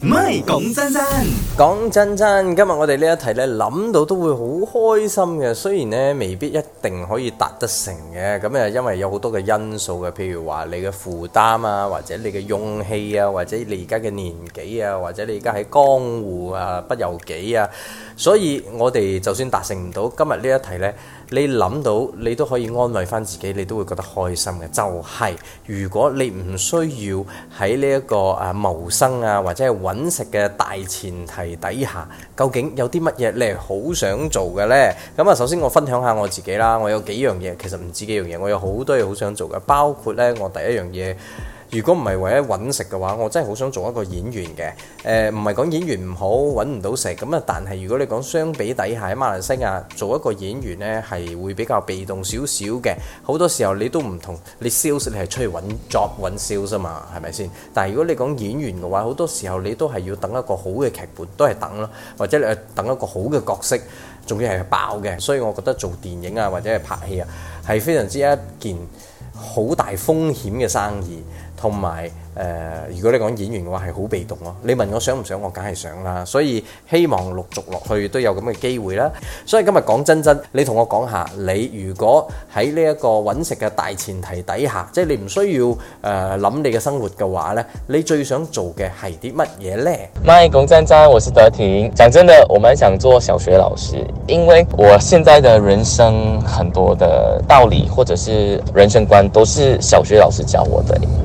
唔係講真真，講真真，今日我哋呢一題呢，諗到都會好開心嘅，雖然呢未必一定可以達得成嘅，咁啊因為有好多嘅因素嘅，譬如話你嘅負擔啊，或者你嘅勇氣啊，或者你而家嘅年紀啊，或者你而家喺江湖啊不由己啊，所以我哋就算達成唔到今日呢一題呢，你諗到你都可以安慰翻自己，你都會覺得開心嘅。就係如果你唔需要喺呢一個誒謀生啊，或者係。揾食嘅大前提底下，究竟有啲乜嘢你係好想做嘅咧？咁啊，首先我分享下我自己啦。我有幾樣嘢，其實唔止幾樣嘢，我有好多嘢好想做嘅，包括咧，我第一樣嘢。如果唔係為咗揾食嘅話，我真係好想做一個演員嘅。誒、呃，唔係講演員唔好揾唔到食咁啊。但係如果你講相比底下喺馬來西亞做一個演員呢，係會比較被動少少嘅。好多時候你都唔同你 sales，你係出去揾 job 揾 sales 啊嘛，係咪先？但係如果你講演員嘅話，好多時候你都係要等一個好嘅劇本，都係等咯，或者你等一個好嘅角色，仲要係爆嘅。所以我覺得做電影啊或者係拍戲啊，係非常之一件。好大風險嘅生意，同埋。誒、呃，如果你講演員嘅話，係好被動咯、啊。你問我想唔想，我梗係想啦、啊。所以希望陸續落去都有咁嘅機會啦。所以今日講真真，你同我講下，你如果喺呢一個揾食嘅大前提底下，即係你唔需要誒諗、呃、你嘅生活嘅話呢，你最想做嘅係啲乜嘢呢？MY 講真真，我是德婷。講真的，我蠻想做小學老師，因為我現在的人生很多的道理，或者是人生觀，都是小學老師教我的。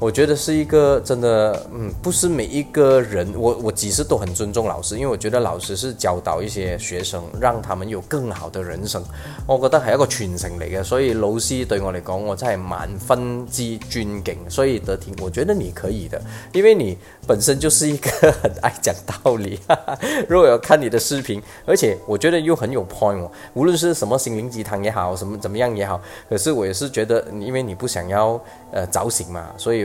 我覺得是一個真的，嗯，不是每一個人。我我其實都很尊重老師，因為我覺得老師是教導一些學生，讓他們有更好的人生。我覺得係一個傳承嚟嘅，所以老師對我嚟講，我真係萬分之尊敬。所以得聽，我覺得你可以的，因為你本身就是一個很愛講道理。哈哈，如果有看你的視頻，而且我覺得又很有 point。無論是什麼心靈雞湯也好，什麼怎麼樣也好，可是我也是覺得，因為你不想要呃早醒嘛，所以。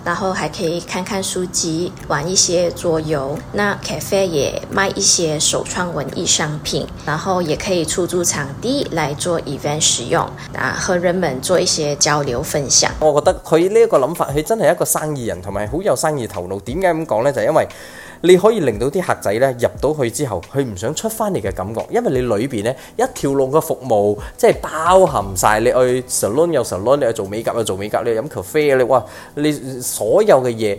然後還可以看看書籍，玩一些桌遊。那 cafe 也賣一些首創文藝商品，然後也可以出租場地來做 event 使用，啊，和人們做一些交流分享。我覺得佢呢一個諗法，佢真係一個生意人，同埋好有生意頭腦。點解咁講呢？就係因為你可以令到啲客仔咧入到去之後，佢唔想出翻嚟嘅感覺，因為你裏邊咧一條龍嘅服務，即係包含晒你去 salon 又 salon，你去做美甲又做美甲，你飲咖啡啊，你哇你。所有嘅嘢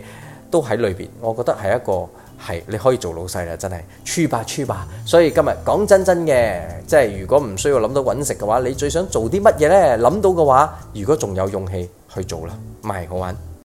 都喺裏邊，我覺得係一個係你可以做老細啦，真係，出吧出吧。所以今日講真真嘅，即係如果唔需要諗到搵食嘅話，你最想做啲乜嘢呢？諗到嘅話，如果仲有勇氣去做啦，咪好玩。